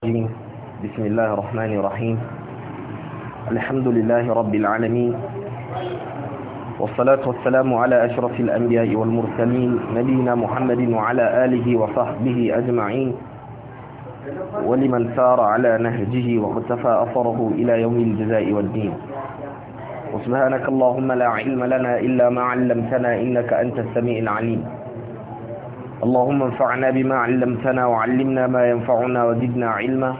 بسم الله الرحمن الرحيم الحمد لله رب العالمين والصلاة والسلام على أشرف الأنبياء والمرسلين نبينا محمد وعلى آله وصحبه أجمعين ولمن سار على نهجه واقتفى أثره إلى يوم الجزاء والدين وسبحانك اللهم لا علم لنا إلا ما علمتنا إنك أنت السميع العليم اللهم انفعنا بما علمتنا وعلمنا ما ينفعنا وزدنا علما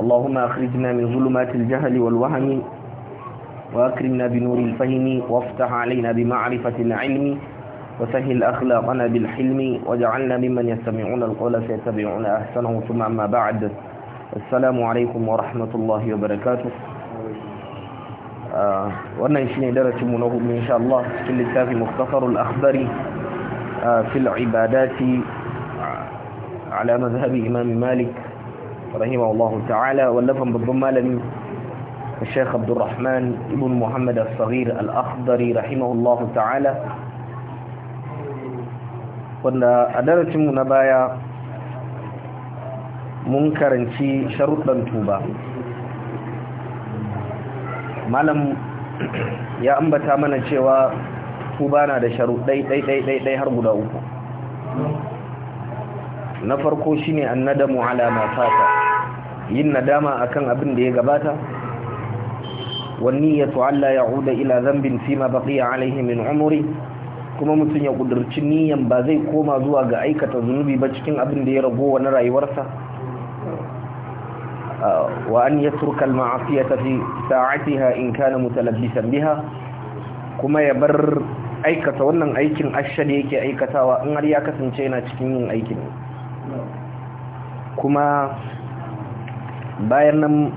اللهم اخرجنا من ظلمات الجهل والوهم واكرمنا بنور الفهم وافتح علينا بمعرفة العلم وسهل أخلاقنا بالحلم واجعلنا ممن يستمعون القول فيتبعون أحسنه ثم أما بعد السلام عليكم ورحمة الله وبركاته آه، وانا شيء درس منه إن شاء الله في مختصر الاخبار في العبادات على مذهب إمام مالك رحمه الله تعالى واللفن بالضمال الشيخ عبد الرحمن ابن محمد الصغير الأخضري رحمه الله تعالى wanda a darasinmu na baya mun karanci sharuɗan tuba malam ya ambata mana cewa tuba na da sharuɗai ɗai-ɗai-ɗai har guda uku na farko shine Annada ala alama fata yin nadama akan abin da ya gabata Allah ya يعود ila ذنب فيما بقي عليه من عمره kuma mutum ya ƙudurci niyan ba zai koma zuwa ga aikata zunubi ba cikin abin da ya rago na rayuwarsa wa an yatruka al-ma'siyata fi sa'atiha in kana mutalabbisan biha kuma ya bar aikata wannan aikin da yake aikatawa in har ya kasance yana cikin yin aikin kuma bayan nan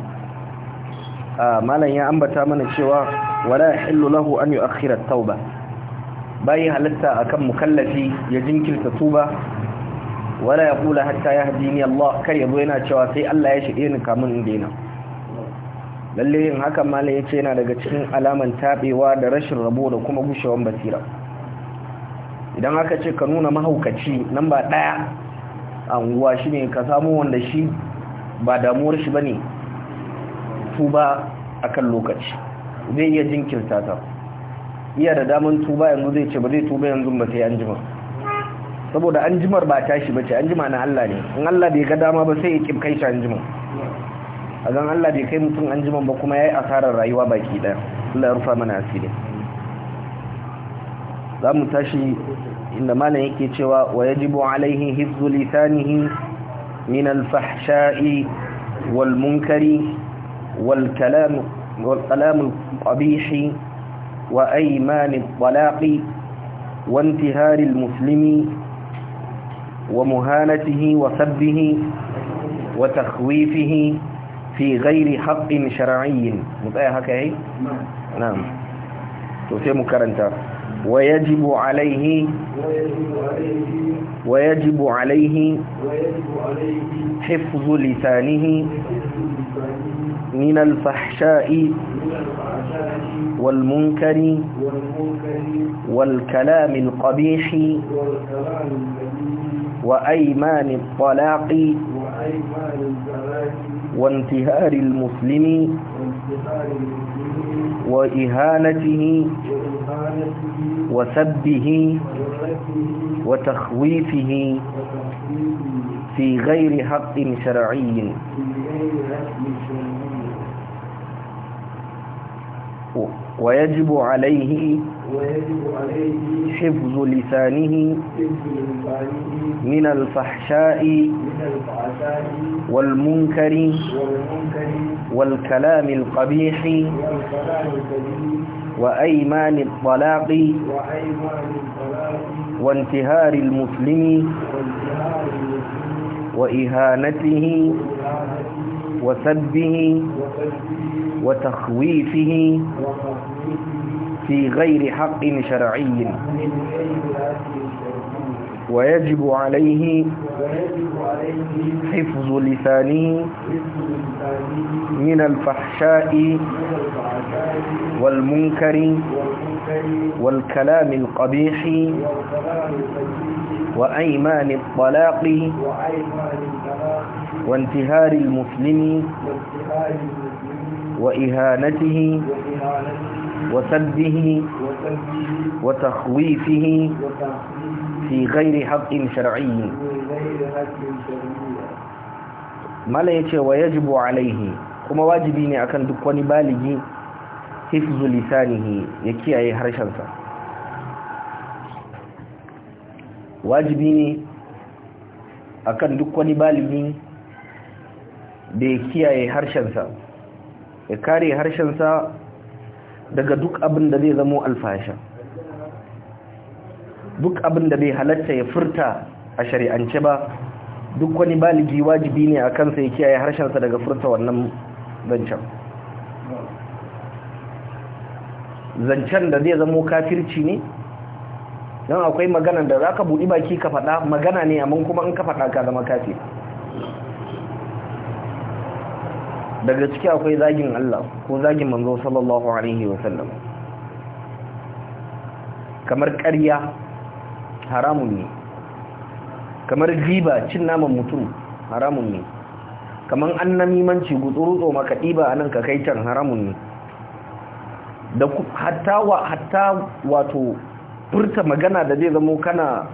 malam ya ambata mana cewa wala yahillu lahu an yu'akhkhira at-tauba bayi halatta akan mukallafi ya jinkirta tuba wala yaqula hatta yahdini Allah kai yazo yana cewa sai Allah ya shige ni kamun in daina lalle yin hakan malam ce yana daga cikin alaman tabewa da rashin rabo da kuma gushewan basira idan aka ce ka nuna mahaukaci nan ba ɗaya anguwa shine ka samu wanda shi ba damuwar shi ba ne. tuba a kan lokaci zai iya jinkirta ta iya da daman tuba yanzu zai ce ba zai tuba yanzu ba sai an jima saboda an jimar ba tashi bace an jima na Allah ne in Allah bai ga dama ba sai ya kibkai shi an jima a zan Allah bai kai mutum an jiman ba kuma ya yi asarar rayuwa baki ɗaya Allah ya rufa mana asiri za mu tashi inda malam yake cewa wa yajibu alaihi hifzu lisanihi min al-fahsha'i wal munkari wal kalam wal wa ayman al-talaq wa intihar al-muslimi wa muhanatihi wa sabbihi wa في غير حق شرعي mu هكا هي إيه؟ نعم na'am نعم. to ويجب عليه ويجب عليه حفظ لسانه من الفحشاء والمنكر والكلام القبيح وأيمان الطلاق وانتهار المسلم وإهانته وسبه وتخويفه في غير حق شرعي ويجب عليه حفظ لسانه من الفحشاء والمنكر والكلام القبيح وأيمان الطلاق وانتهار المسلم وإهانته وسبه وتخويفه في غير حق شرعي ويجب عليه حفظ لسانه من الفحشاء والمنكر والكلام القبيح وأيمان الطلاق وانتهار المسلم وإهانته وسبه وتخويفه في غير حق شرعي mala ya ce wa yajibu alaihi kuma wajibi ne akan duk wani baligi hifzu lisanihi ya kiyaye harshensa wajibi da ya kiyaye harshensa ya kare harshensa daga duk abin da zai zamo alfasha duk abin da bai halatta ya furta a shari'ance ba duk wani baligi wajibi ne a kansa ya kiyaye harshensa daga furta wannan zancen zancen da zai zamo kafirci ne don akwai magana da za ka buɗi baki ka faɗa magana ne amma kuma in ka faɗa ka zama kafi daga ciki akwai zagin Allah ko zagin manzo sallallahu alaihi wa sallam kamar ƙarya haramun ne kamar riba cin naman mutum haramun ne kamar annamimanci gutsurutso maka ɗiba a nan ka kai can haramun ne da hatta hatta wato furta magana da zai zamo kana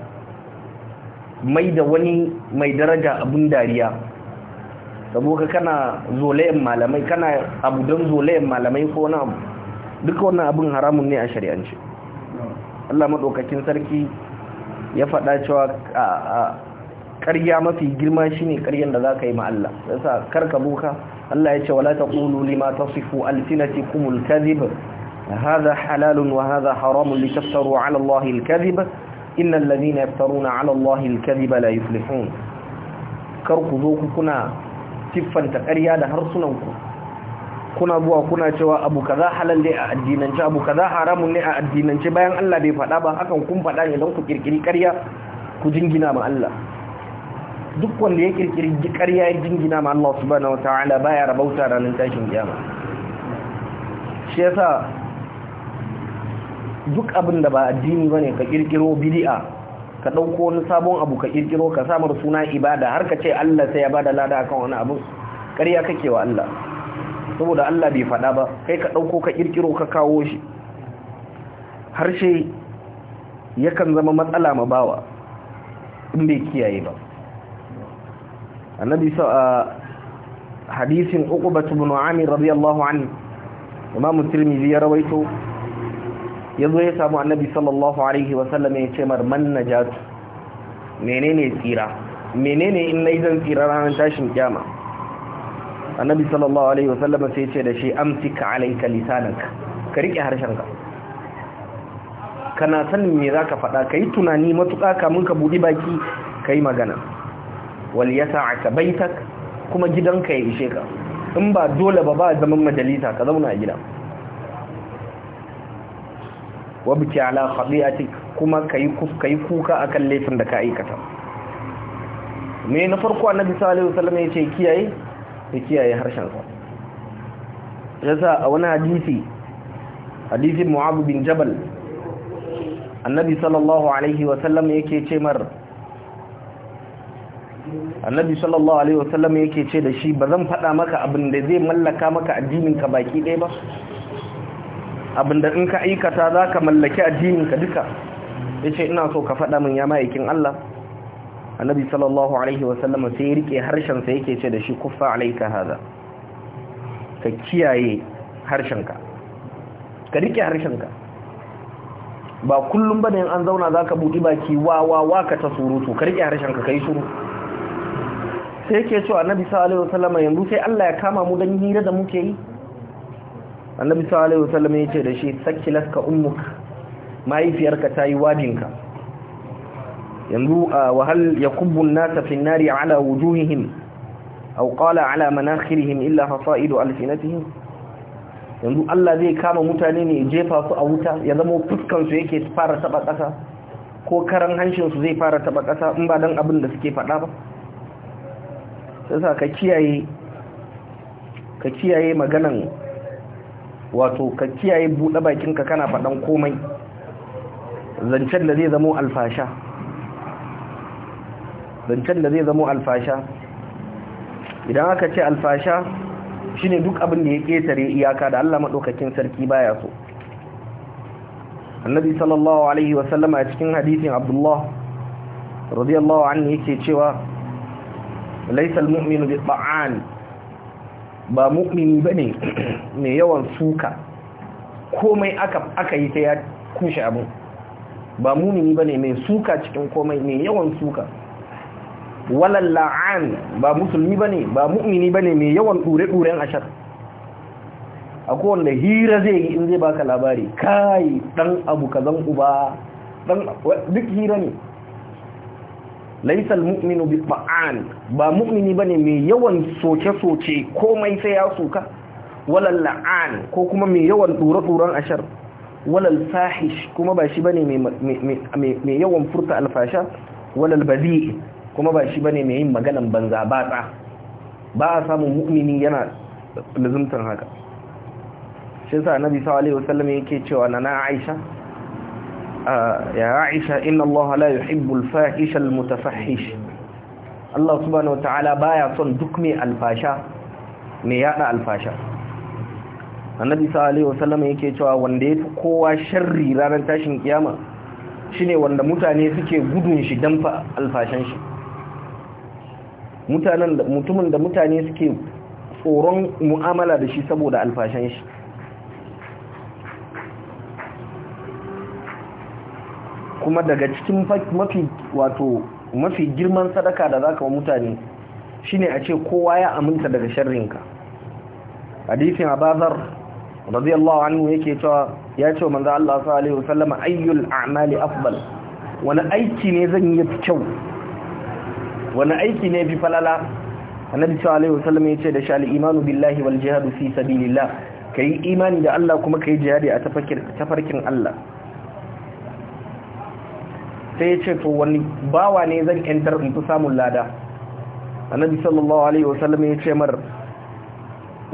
mai da wani mai daraja abin dariya kamo ka kana zolayen malamai kana abu don zolayen malamai ko na abu duka wannan abin haramun ne a shari'ance Allah maɗaukakin sarki ya faɗa cewa ƙarya mafi girma shine ƙaryan da za ka yi ma Allah yasa karka buka Allah ya ce wala taqulu lima tasifu alsinatikum alkadhib hadha halalun wa haza haramun litaftaru ala Allah alkadhib innal ladhina yaftaruna ala Allah alkadhiba la yuflihun kar ku zo ku kuna siffanta ƙarya da harsunanku kuna zuwa kuna cewa abu kaza halal ne a addinance abu kaza haramun ne a addinance bayan Allah bai fada ba hakan kun faɗa ne don ku kirkiri ƙarya ku jingina ma Allah duk wanda ya kirkiri ƙarya ya jingina ma Allah subhanahu wataala baya rabauta ranar tashin kiyama shi yasa duk abin da ba addini bane ka kirkiro bid'a ka ɗauko wani sabon abu ka ƙirƙiro ka samar suna ibada har ka ce Allah sai ya ba da lada kan wani abu ƙarya kake wa Allah saboda Allah bai faɗa ba kai ka ɗauko ka ƙirƙiro ka kawo shi harshe yakan zama matsala ma bawa in bai kiyaye ba annabi sa a hadisin uqbatu ibn rabi radiyallahu anhu imamu tirmidhi ya rawaito yanzu ya samu annabi sallallahu alaihi wasallam ya ce mar man najatu menene tsira menene in nayi zan tsira ranar tashin kiyama annabi sallallahu alaihi wasallam sai ya ce da shi amsika alayka lisanaka ka rike harshenka kana san me zaka faɗa kai tunani matuƙa kamun ka budi baki kai magana wal yasa'aka baitak kuma gidanka ya ishe ka in ba dole ba ba zaman majalisa ka zauna a gida wabki ala khati'atik kuma kai kai kuka akan laifin da ka aikata me na farko annabi sallallahu alaihi wasallam yace kiyaye ya kiyaye harshen sa yasa a wani hadisi hadisi mu'ab bin jabal annabi sallallahu alaihi wasallam yake ce mar annabi sallallahu alaihi wasallam yake ce da shi bazan fada maka abin da zai mallaka maka addinin ka baki ɗaya ba abinda in ka aikata za ka mallaki addininka duka ya ce ina so ka faɗa min ya ma'aikin Allah annabi sallallahu alaihi wasallama sai ya rike harshensa yake ce da shi kufa alaika haza ka kiyaye harshenka ka riƙe harshenka ba kullum ba yin an zauna za ka buɗi baki wa wa wa ka ta surutu ka riƙe harshenka ka yi shuru sai yake cewa annabi sallallahu alaihi wasallama yanzu sai Allah ya kama mu dan hira da muke yi annabi sallallahu alaihi wasallam yace da shi sakilatka ummuka mahaifiyarka ta yi wajinka yanzu wa hal yakubbu an-nasa fi an-nari ala wujuhihim aw qala ala manakhirihim illa hasa'idu alfinatihim yanzu Allah zai kama mutane ne jefa su a wuta ya zama fuskan su yake fara taba kasa ko karan hanshin su zai fara taba kasa in ba dan abin da suke fada ba sai ka kiyaye ka kiyaye maganan wato ka kiyaye buɗe bakinka kana faɗan komai zancen da zai zamo alfasha zancen da zai zamo alfasha idan aka ce alfasha shine duk abin da ya ƙetare iyaka da Allah maɗaukakin sarki baya so annabi sallallahu alaihi wasallama a cikin hadisin abdullah radiyallahu anhu yake cewa laisal mu'minu bi ta'an ba mukmini bane mai yawan suka komai aka aka yi ta ya kushe abu. ba mumini bane mai suka cikin komai mai yawan suka walal la'an ba musulmi bane ba ba bane mai yawan dure-duren ashar akwai wanda hira zai yi in zai baka labari kai dan abu kazan uba dan duk hira ne laisa almu'minu bifa'an ba mu'mini bane mai yawan soke soce komai sai ya soka walal la'an ko kuma mai yawan dura-duran ashar walal fahish kuma ba shi bane mai yawan furta alfasha walal badi kuma ba shi bane mai yin maganan banza batsa ba a samun mu'mini yana lazumtan haka shi sa nabi sallallahu alaihi wasallam yake cewa na Aisha ya Aisha inna Allah la yuhibbul fahisha al mutafahhish Allah subhanahu ta'ala baya son duk mai alfasha mai yada alfasha Annabi sallallahu alaihi wasallam yake cewa wanda kowa sharri ranar tashin kiyama shine wanda mutane suke gudun shi dan fa shi mutanen mutumin da mutane suke tsoron mu'amala da shi saboda alfashan shi kuma daga cikin mafi wato mafi girman sadaka da zaka wa mutane shine a ce kowa ya aminta daga sharrinka hadisin abazar radiyallahu anhu yake cewa ya ce manzo Allah sallallahu alaihi wasallam ayyul a'mali afdal wani aiki ne zan yi kyau wani aiki ne bi falala annabi sallallahu alaihi yace da shal imanu billahi wal jihadu fi sabilillah kai imani da Allah kuma kai jihadi a tafarkin Allah sai ya ce to wani bawa ne zan yantar in fi samun lada annabi sallallahu alaihi wasallam ya ce mar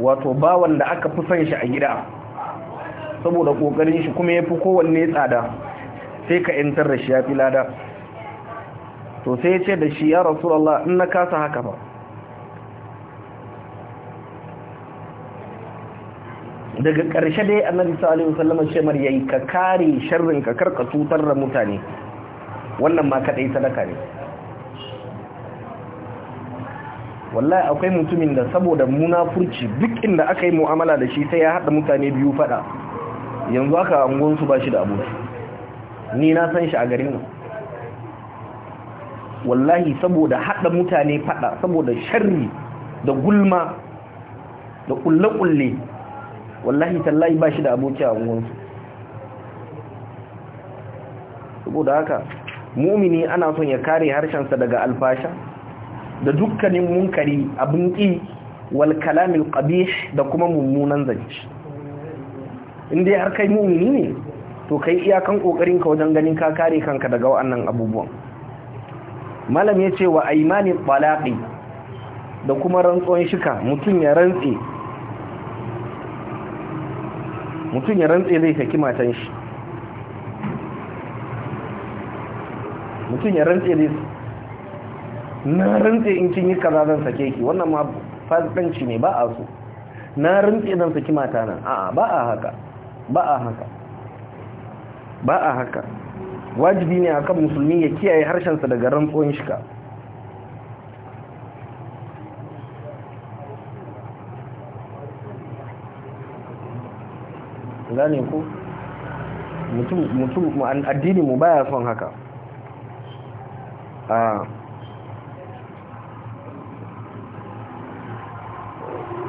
wato bawan da aka fi son shi a gida saboda kokarin shi kuma ya fi kowanne tsada sai ka yantar da shi ya fi lada to sai ya ce da shi ya rasulallah in na kasa haka ba daga ƙarshe dai annabi sallallahu alaihi wasallam ya ce mar yayi ka kare sharrin ka karka tutar da mutane wannan ma kadai sadaka ne wallahi akwai mutumin da saboda munafurci duk inda aka yi mu'amala da shi sai ya hada mutane biyu fada yanzu aka angon su bashi da abuci ni na san shi a garin wallahi saboda hada mutane fada saboda sharri da gulma da ƙulle-ƙulle wallahi tallahi bashi da aboki a su saboda haka mumini ana son ya kare harshensa daga alfasha da dukkanin munkari abin ƙi wal kalamil qabih da kuma mummunan zance inda har kai mumini ne to kai iyakan kokarin ka wajen ganin ka kare kanka daga wannan abubuwan malam yace wa aymani talaqi da kuma rantsuwan shika mutum ya rantse mutum ya rantse zai saki matan shi mutum ya rantse ne na rantse in kin yi kaza zan sake ki wannan ma fadanci ne ba a so na rantse zan saki mata nan a'a ba a haka ba a haka ba a haka wajibi ne akan musulmi ya kiyaye harshensa daga rantsuwan shika gane mutum mutum addini mu baya son haka Ah.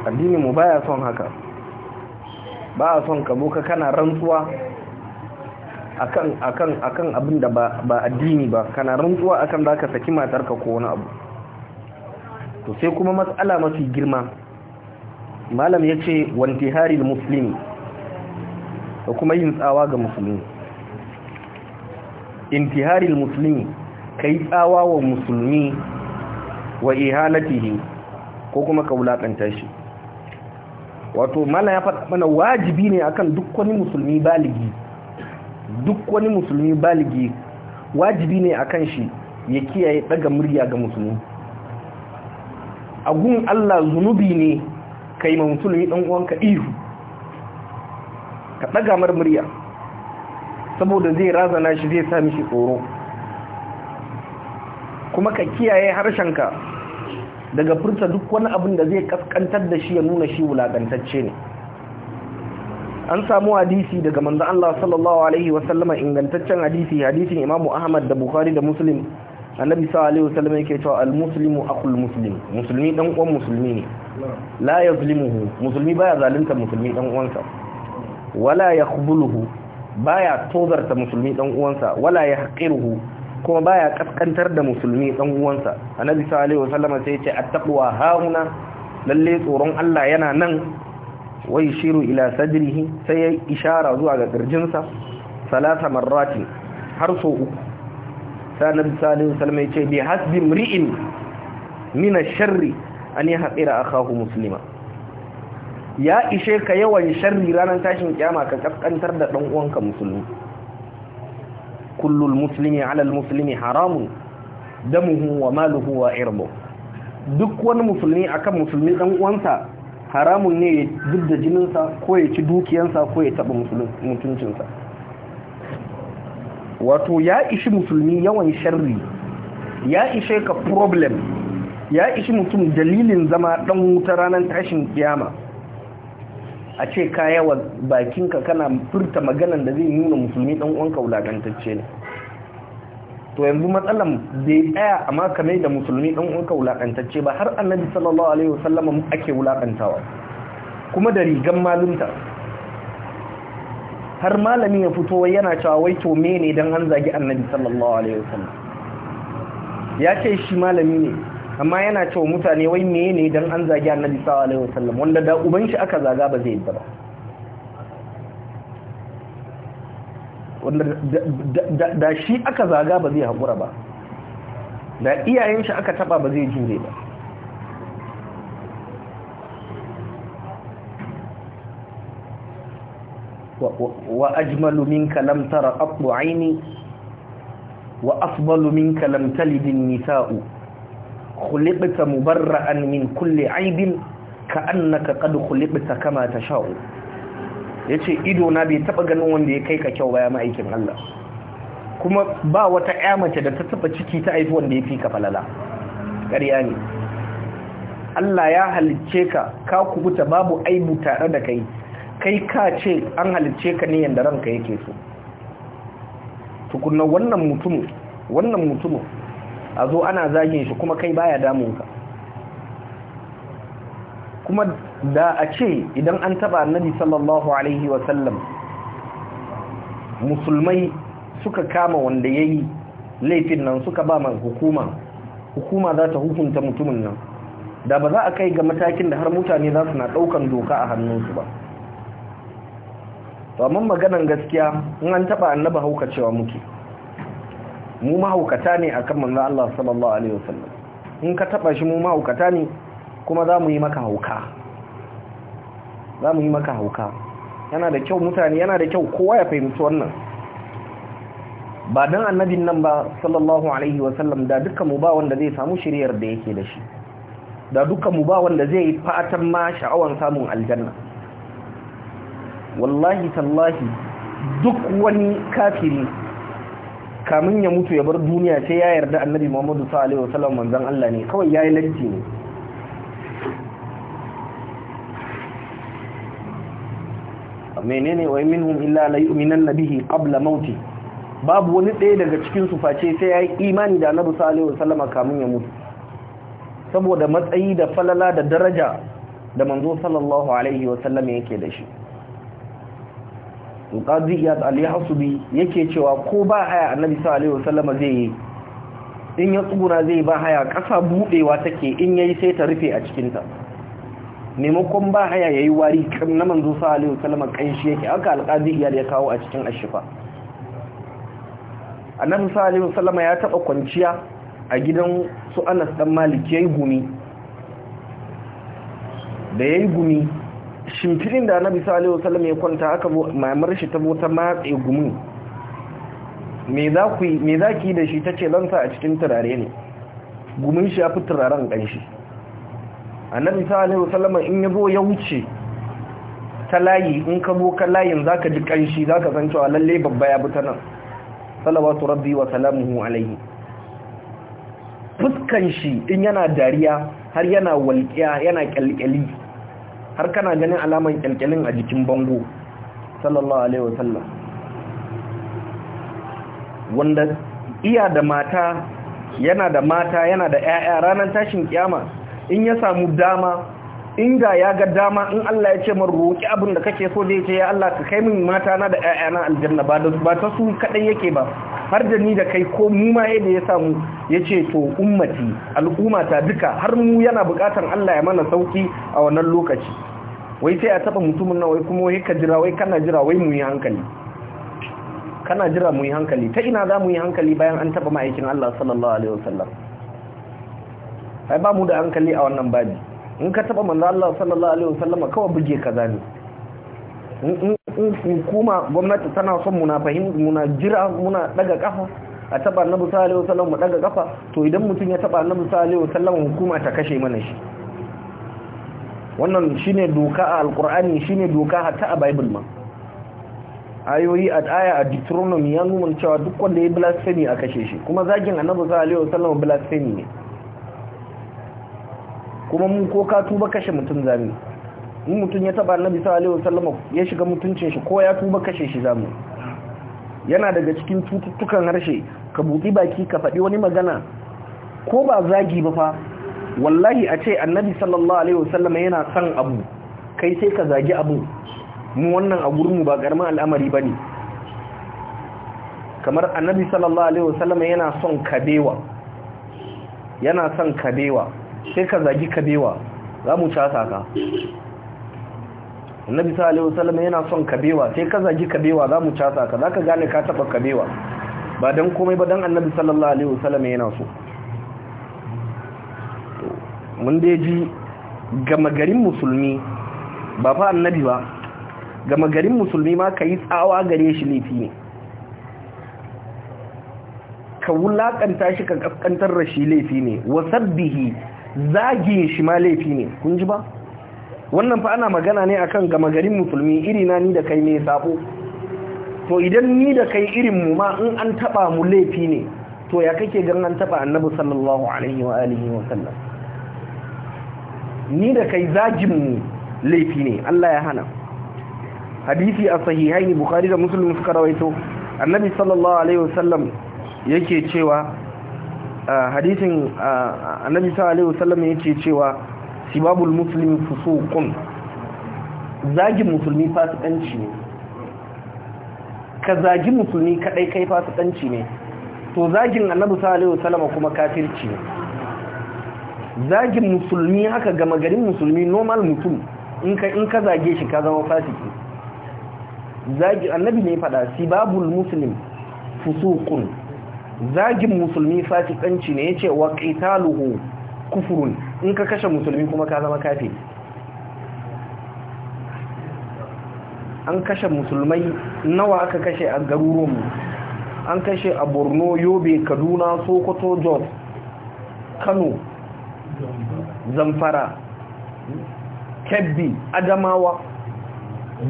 addini mu baya son haka ba a son ka boka kana rantsuwa akan akan akan abin da ba ba addini ba kana rantsuwa akan zaka saki matarka ko wani abu to sai kuma matsala mafi girma malam yace wantiharil muslimi da kuma yin tsawa ga musulmi intiharil muslimi kai tsawa wa musulmi wa ihanatihi ko kuma ka wulaƙanta shi wato mana ya faɗa mana wajibi ne akan duk wani musulmi baligi duk wani musulmi baligi wajibi ne akan shi ya kiyaye ɗaga murya ga musulmi agun Allah zunubi ne kai ma musulmi dan uwanka ihu ka ɗaga mar murya saboda zai razana shi zai sa mishi tsoro kuma ka kiyaye harshenka daga furta duk wani abin da zai kaskantar da shi ya nuna shi wulagantacce ne an samu hadisi daga manzo Allah sallallahu alaihi wasallama ingantaccen hadisi hadisin Imam Ahmad da Bukhari da Muslim annabi sallallahu alaihi wasallama yake cewa al-muslimu akhul muslim musulmi dan uwan musulmi ne la yazlimuhu musulmi baya zalunta musulmi dan uwansa wala yakhbuluhu baya tozarta musulmi dan uwansa wala yahqiruhu kuma baya kaskantar da musulmi dan uwansa annabi sallallahu alaihi wasallam sai ya ce attaqwa hauna lalle tsoron Allah yana nan wai shiru ila sadrihi sai ya ishara zuwa ga kirjinsa salasa marrati har so uku sai annabi sallallahu alaihi wasallam ya ce bi hasbi mri'in min ash-sharri an yahqira akahu muslima ya ishe ka yawan sharri ranar tashin kiyama ka kaskantar da dan uwanka musulmi kullul muslimi alal muslimi haramun damuhu wa maluhu duk wani musulmi akan musulmi dan uwansa haramun ne ya zubda jininsa ko ya ci dukiyansa ko ya taba mutuncinsa wato ya ishi musulmi yawan sharri ya ishe ka problem ya ishi mutum dalilin zama dan wuta ranar tashin kiyama a ce ka yawa bakinka kana furta magana da zai nuna musulmi dan uwanka wulakantacce ne to yanzu matsalan bai tsaya amma mai da musulmi dan uwanka wulakantacce ba har annabi sallallahu alaihi wasallam ake wulakantawa kuma da rigan malunta har malami ya fito yana cewa wai to mene dan an zagi annabi sallallahu alaihi wasallam ya ce shi malami ne amma yana cewa mutane wai meye ne dan an zagi annabi sallallahu alaihi wasallam wanda da uban shi aka zaga ba zai yadda ba wanda da shi aka zaga ba zai hakura ba da iyayen shi aka taba ba zai jure ba wa ajmalu minka lam tara qattu aini wa afdalu minka lam talid an khuliqta mubarra'an min kulli aibin ka annaka qad khuliqta kama tasha'u yace ido na bai taba ganin wanda ya kai ka kyau ba ya ma'aikin Allah kuma ba wata ƴa mace da ta taba ciki ta haifi wanda ya fi ka falala ƙarya ne Allah ya halicce ka ka kubuta babu aibu tare da kai kai ka ce an halicce ka ne yanda ranka yake so tukunna wannan mutum wannan mutum a zo ana zagin shi kuma kai baya damun ka. kuma da a ce idan an taba annabi sallallahu alaihi Sallam, musulmai suka kama wanda yayi laifin nan suka ba man hukuma hukuma za ta hukunta mutumin nan da ba za a kai ga matakin da har mutane za su na ɗaukan doka a hannunsu ba to amma maganan gaskiya in an taba annabi hauka cewa muke mu mahaukata ne a kan manzo Allah sallallahu alaihi wasallam in ka taba shi mu mahaukata ne kuma za mu yi maka hauka za mu yi maka hauka yana da kyau mutane yana da kyau kowa ya fahimci wannan ba dan annabin nan ba sallallahu alaihi wasallam da dukkan mu ba wanda zai samu shiriyar da yake da shi da dukkan mu ba wanda zai yi fatan ma sha'awan samun aljanna wallahi tallahi duk wani kafiri kamun ya mutu ya bar duniya sai ya yarda annabi muhammadu sallallahu alaihi wasallam manzon Allah ne kawai yayi latti ne menene wa minhum illa la yu'minanna bihi qabla mauti babu wani ɗaya daga cikin su face sai yayi imani da annabi sallallahu alaihi wasallam kamun ya mutu saboda matsayi da falala da daraja da manzo sallallahu alaihi wasallam yake da shi qadi iyad al-yahsubi yake cewa ko ba haya annabi sallallahu alaihi wasallam zai yi in ya tsuguna zai ba haya ƙasa budewa take in yayi sai ta rufe a cikin ta maimakon ba haya yayi wari kan na manzo sallallahu alaihi wasallam kanshi yake aka al-qadi iyad ya kawo a cikin ashifa annabi sallallahu alaihi wasallam ya taba kwanciya a gidan su Anas dan Malik yayi gumi da yayi gumi shimfirin da na bisa alaihi wasallam ya kwanta aka mamar shi ta bota matse gumi? me za ku me za ki da shi tace zan sa a cikin turare ne gumin shi ya fi turaren kanshi annabi sallallahu alaihi wasallam in ya zo ya wuce ta layi in ka zo ka layin zaka ji kanshi zaka san cewa lalle babba ya bi ta nan salawatu rabbi wa salamuhu alaihi fuskan shi in yana dariya har yana walƙiya yana kalkali har kana ganin alaman kyalkyalin a jikin bango sallallahu alaihi wasallam wanda iya da mata yana da mata yana da ƴaƴa ranar tashin kiyama in ya samu dama inda ya ga dama in Allah ya ce min roki abin da kake so zai ce ya Allah ka kai min mata na da ƴaƴa na aljanna ba da ba ta su kadai yake ba har da ni da kai ko mu ma yadda ya samu yace to ummati al'umma duka har mu yana bukatar Allah ya mana sauki a wannan lokaci wai sai a taba mutumin na wai kuma wai ka jira wai kana jira wai mu yi hankali kana jira mu yi hankali ta ina za mu yi hankali bayan an taba ma'aikin Allah sallallahu alaihi wasallam ai ba mu da hankali a wannan babi in ka taba manzo Allah sallallahu alaihi wasallam kawai buge kaza ne in in kuma gwamnati tana son muna fahimta muna jira muna daga kafa a taba annabi sallallahu alaihi wasallam mu daga kafa to idan mutum ya taba annabi sallallahu alaihi wasallam hukuma ta kashe mana shi wannan shi ne doka a alkur'ani ne doka hatta a bible ma ayoyi a aya a deuteronomy ya nuna cewa duk wanda ya blasphemy a kashe shi kuma zagin annabi sallallahu alaihi wasallam blasphemy ne kuma mun ko ka tuba kashe mutum zami in mutum ya taba annabi sallallahu alaihi wasallam ya shiga mutuncin shi ko ya tuba kashe shi zamu yana daga cikin tututtukan harshe ka buɗi baki ka faɗi wani magana ko ba zagi ba fa wallahi a ce annabi sallallahu alaihi wasallam yana son abu kai sai ka zagi abu mu wannan a mu ba karamin al'amari bane kamar annabi sallallahu alaihi wasallam yana son kabewa yana son kabewa sai ka zagi kabewa za mu casa ka annabi sallallahu alaihi wasallam yana son kabewa sai ka zagi kabewa za mu casa ka zaka gane ka taba kabewa ba dan komai ba dan annabi sallallahu alaihi wasallam yana so mun dai ji gama garin musulmi ba fa annabi ba gama garin musulmi ma ka yi tsawa gare shi laifi ne ka wulakanta shi ka kaskantar da shi laifi ne wasabbihi zagi shi ma laifi ne kun ji ba wannan fa ana magana ne akan gama garin musulmi iri na ni da kai ne sabo to idan ni da kai irin mu ma in an taba mu laifi ne to ya kake gan an taba annabi sallallahu alaihi wa alihi wa sallam ni da kai zajin mu laifi ne Allah ya hana hadisi a sahihaini bukhari da muslim suka rawaito annabi sallallahu alaihi wasallam yake cewa hadisin annabi sallallahu alaihi wasallam yake cewa sibabul muslimi fusuqun zagin musulmi fasikanci ne ka zagi musulmi kadai kai fasikanci ne to zagin annabi sallallahu alaihi wasallam kuma kafirci ne zagin musulmi haka gama garin musulmi normal mutum in ka zage shi ka zama fasiki zagi annabi ne fada sibabul muslim fusuqun zagin musulmi fasikanci ne yace wa qitaluhu kufrun in ka kashe musulmi kuma ka zama kafiri an kashe musulmai nawa aka kashe a garuruwanmu an kashe a borno yobe kaduna sokoto jos kano zamfara kebbi adamawa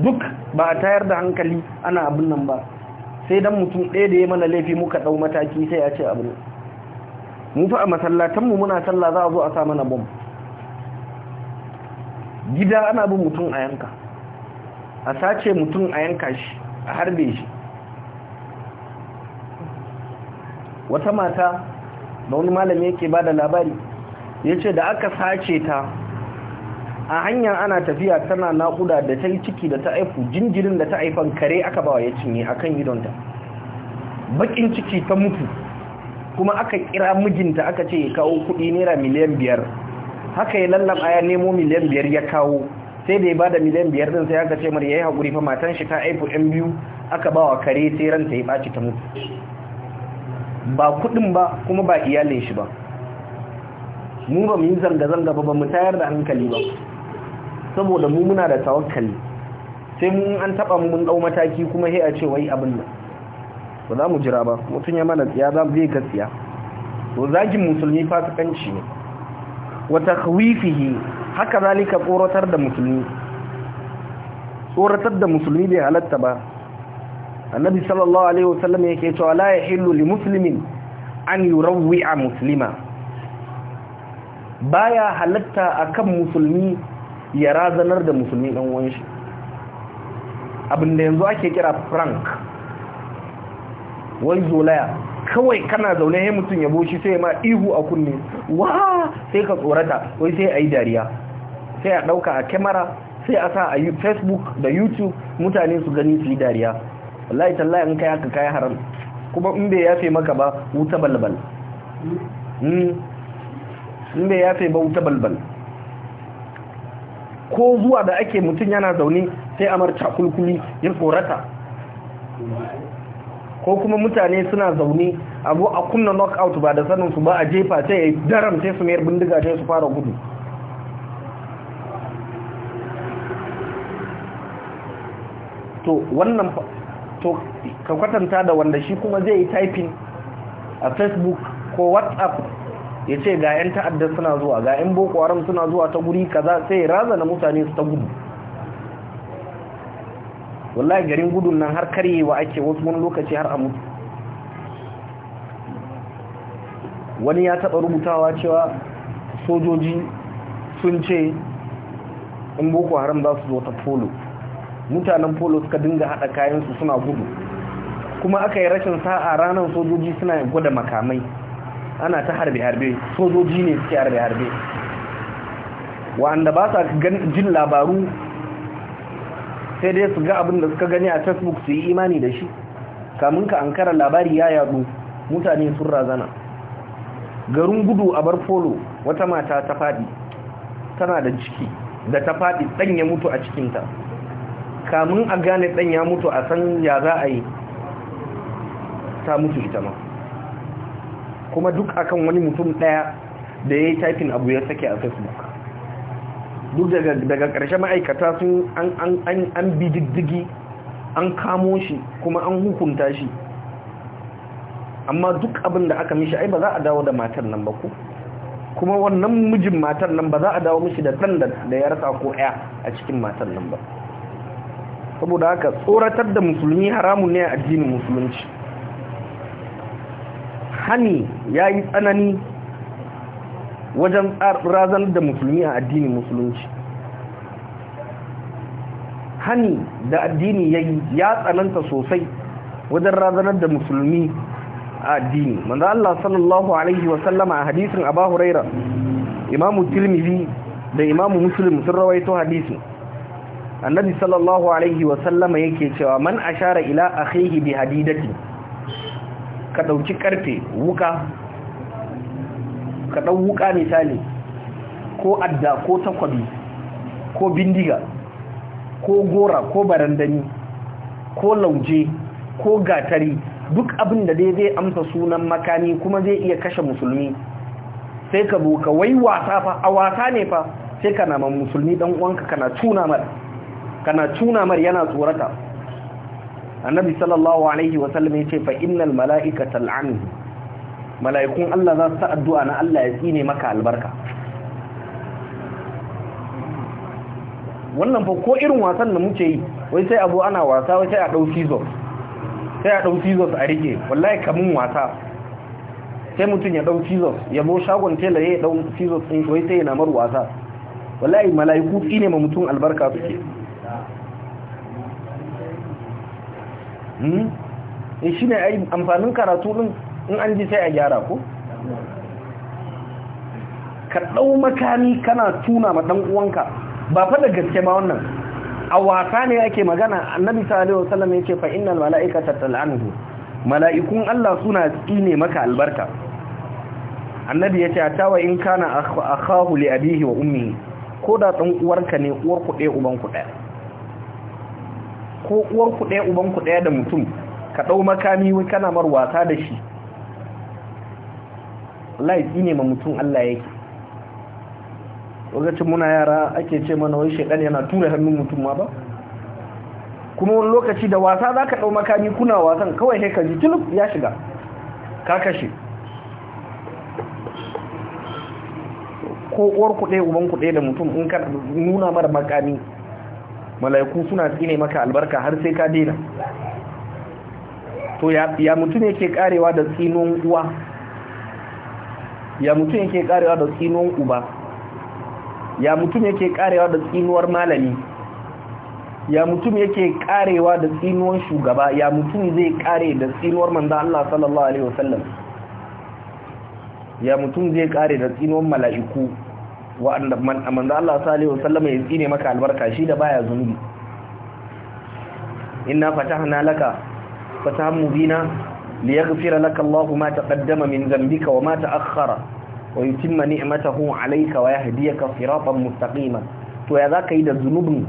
duk ba a tayar da hankali ana abin nan ba sai dan mutum ɗaya da ya mana laifi muka ɗau mataki sai ya ce abin mu a masallatanmu muna sallah za a zo a sa mana bom gida ana bin mutum a yanka a sace mutum a yanka shi a harbe shi wata mata da wani malami yake ba da labari ya ce da aka sace ta a hanyar ana tafiya tana naƙuda da ta yi ciki da ta aifu jinjirin da ta aifan kare aka bawa ya cinye a kan idonta bakin ciki ta mutu kuma aka kira mijinta aka ce ya kawo kuɗi naira miliyan biyar haka ya lallam aya nemo miliyan biyar ya kawo sai da ya bada miliyan biyar din sai aka ce mar yi haƙuri, fa matan shi ta aifu yan biyu aka bawa kare sai ranta ya ɓaci ta mutu ba kudin ba kuma ba iyalin shi ba mu ba mu yi zanga-zanga ba ba mu tayar da hankali ba saboda mu muna da tawakkali sai mun an taba mun dau mataki kuma sai a ce wai abin nan ba za mu jira ba mutum ya mana tsiya za mu zai ka tsiya to zagin musulmi fasikanci ne wa takhwifihi haka zalika tsoratar da musulmi tsoratar da musulmi bai halatta ba annabi sallallahu alaihi wasallam yake cewa la yahillu li muslimin an yurawwi'a muslima baya halatta akan musulmi ya razanar da musulmi dan uwan shi abinda yanzu ake kira Frank. wai zolaya kawai kana zaune ya mutum ya boshi sai ma ihu a kunne wa sai ka tsorata wai sai ayi dariya sai a ɗauka a kyamara. sai a sa a yi Facebook da YouTube mutane su gani su yi dariya wallahi tallahi in kai haka kai haram kuma in bai yafe maka ba wuta balbal hmm? inda ya sai ba balbal ko zuwa da ake mutum yana zaune sai amar cakulkuli ya tsorata ko kuma mutane suna zaune abu a kunna knockout ba da sanin su ba a jefa sai ya daram sai su mayar bindiga sai su fara gudu to wannan to ka kwatanta da wanda shi kuma zai yi typing a facebook ko whatsapp ya ce ga 'yan ta'adda suna zuwa ga 'yan boko haram suna zuwa ta guri kaza sai raza na mutane su ta gudu wallahi garin gudun nan har karyewa ake wasu wani lokaci har a wani ya taba rubutawa cewa sojoji sun ce in boko haram za su zo ta polo mutanen polo suka dinga haɗa kayansu suna gudu kuma aka yi rashin sa'a ranar sojoji suna gwada makamai ana ta harbe-harbe sojoji ne suke harbe-harbe wa'anda ba sa jin labaru sai dai su ga abin da suka gani a facebook su yi imani da shi kamun ka an kara labari ya yadu mutane sun razana garin gudu a bar folo wata mata ta faɗi tana da ciki da ta faɗi ɗan ya mutu a cikinta kamun a gane ɗan ya mutu a san ya za a yi ta mutu ita ma kuma duk akan wani mutum ɗaya da ya yi typing abu ya sake a facebook duk daga ƙarshe ma'aikata sun an bi diddigi an kamo shi kuma an hukunta shi amma duk abin da aka mishi ai ba za a dawo da matar nan ba ku kuma wannan mijin matar nan ba za a dawo mishi da ɗan da ya rasa ko ɗaya a cikin matar nan ba saboda haka tsoratar da musulmi haramun ne a addinin musulunci hani ya yi tsanani wajen razan da musulmi a addinin musulunci hani da addini ya yi ya tsananta sosai wajen razanar da musulmi a addini manzo Allah sallallahu alaihi wa sallama a hadisin Abu Huraira Imam Tirmidhi da Imam Muslim sun rawaito hadisin Annabi sallallahu alaihi wa sallama yake cewa man ashara ila akhihi bi hadidati ka ɗauki ƙarfe wuka ka ɗau wuka misali ko adda ko takwabi ko bindiga ko gora ko barandani ko lauje ko gatari duk abin da dai zai amsa sunan makami kuma zai iya kashe musulmi sai ka buka wai wasa fa a wasa ne fa sai na ma musulmi ɗan uwanka kana mar kana tuna mar yana tsorata annabi sallallahu alaihi wasallam ya ce fa innal mala'ikata al'ani mala'ikun Allah za su addu'a na Allah ya tsine maka albarka wannan fa ko irin wasan da muke yi wai sai abu ana wasa wai sai a dau scissors sai a dau scissors a rike wallahi kamun wasa sai mutum ya dau scissors ya bo shagon tela ya dau scissors din wai sai yana mar wasa wallahi mala'iku tsine ma mutum albarka suke Hmm? Eh, shi ne amfanin karatu din in an ji sai a gyara ko ka ɗau makami kana tuna ma ɗan uwanka ba fa da gaske ma wannan a wasa ne ake magana annabi sallallahu alaihi wasallam yake fa innal malaikata tal'anhu mala'ikun Allah suna tsine maka albarka annabi yace tawa in kana akhahu li abihi wa ummi ko da ɗan uwarka ne uwar kuɗe, uban ku ko uwar ku ɗaya uban ku ɗaya da mutum ka ɗau makami wai kana mar wasa da shi wallahi ne ma mutum Allah yake lokacin muna yara ake ce mana wai shekani yana tura hannun mutum ma ba kuma wani lokaci da wasa za ka ɗau makami kuna wasan kawai sai ka ji tulub ya shiga ka kashe ko uwar kuɗe uban kuɗe da mutum in ka nuna mara makami mala'iku suna tsine maka albarka har sai ka daina to ya mutum yake karewa da tsinon uwa ya mutum yake karewa da tsinon uba ya mutum yake karewa da tsinuwar malami ya mutum yake karewa da tsinuwar shugaba ya mutum zai kare da tsinuwar manzo Allah sallallahu alaihi wasallam ya mutum zai kare da tsinuwar mala'iku wa'anda manzo Allah sallallahu alaihi wasallam ya tsine maka albarka shi da baya zunubi inna fatahna laka fatahan mubina liyaghfira laka Allahu ma taqaddama min dhanbika wa ma ta'akhkhara wa yutimma ni'matahu alayka wa yahdiyaka siratan mustaqima to ya zaka yi da zunubin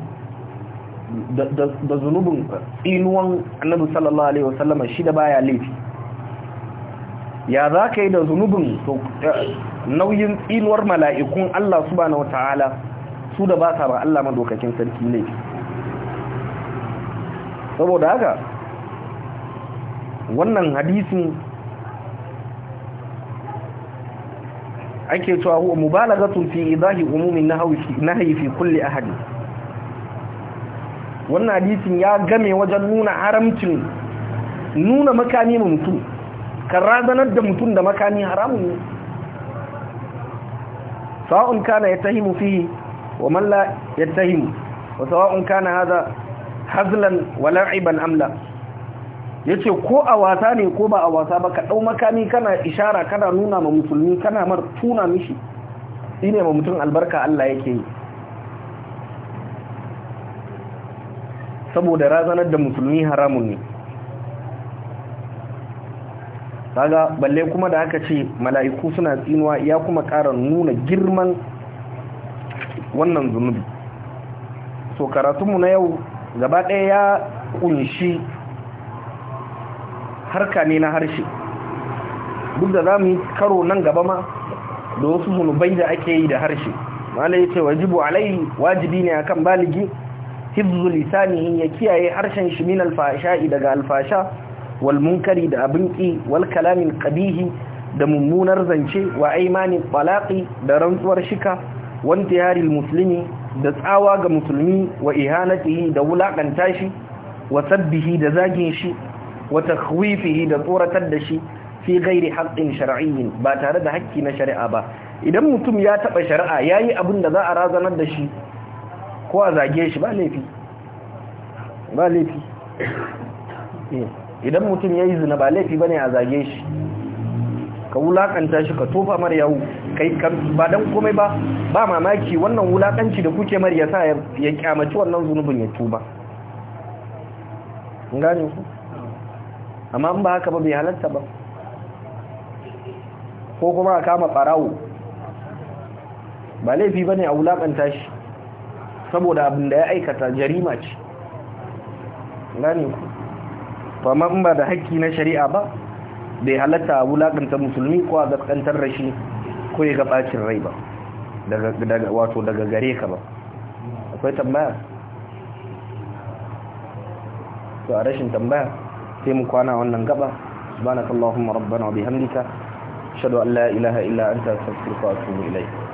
da zunubin inuwan annabi sallallahu alaihi wasallam shi da baya laifi ya za ka yi da zunubin eh, nauyin tsinuwar mala'ikun Allah Su Ba na wata'ala su da ba sa ba Allah madaukakin sarki ne saboda haka wannan hadisin ake cewa huwa za fi idahi umumin haifi kulle a ahad wannan hadisin ya game wajen nuna haramcin nuna makami mutum ka razanar da mutum da makami haramun ne sawa'un kana ya yatahimu fihi wa man la yatahimu wa sawa'un kana hadha hazlan wa la'iban amla ce ko a wasa ne ko ba a wasa ba ka ɗau makami kana ishara kana nuna ma musulmi kana mar tuna mishi shine ma mutum albarka Allah yake yi saboda razanar da musulmi haramun ne kaga balle kuma da aka ce mala'iku suna tsinuwa ya kuma ƙara nuna girman wannan zunubi so karatunmu na yau gaba ɗaya ya ƙunshi harka ne na harshe duk da za mu yi karo nan gaba ma da wasu zunubai da ake yi da harshe malai ce wajibu alai wajibi ne akan baligi hifzu lisanihi ya kiyaye harshen shi min alfasha'i daga alfasha wal munkari da abin ki wal kalamin qabihi da mummunar zance wa aimanin talaqi da rantsuwar shika wanda yaril muslimi da tsawa ga musulmi wa ihanatihi da wulakanta shi wa sabbihi da zagin shi wa takhwifihi da tsoratar da shi fi ghairi haqqin shar'iyyin ba tare da hakki na shari'a ba idan mutum ya taba shari'a yayi abin da za a razanar da shi ko a zage shi ba laifi ba laifi eh. idan mutum ya yi zina ba laifi ba ne a zage shi ka wulakanta shi ka tofa mara yahu kai ba don komai ba ba mamaki wannan wulakanci da kuke mar yasa sa ya kyamaci wannan zunubin ya tuba gani ku amma ba haka ba bai halatta ba ko kuma a kama farawo ba laifi ba ne a wulakanta shi saboda abin da ya aikata jarima ce gani ku amma in ba da haƙƙi na shari'a ba bai halatta a wulaƙanta musulmi ko a gaskantar da shi ko ya ga ɓacin rai ba wato daga gare ka ba akwai tambaya to a rashin tambaya sai mu kwana wannan gaba subhanakallahumma rabbana wa bihamdika ashhadu an la ilaha illa anta astaghfiruka wa atubu ilayk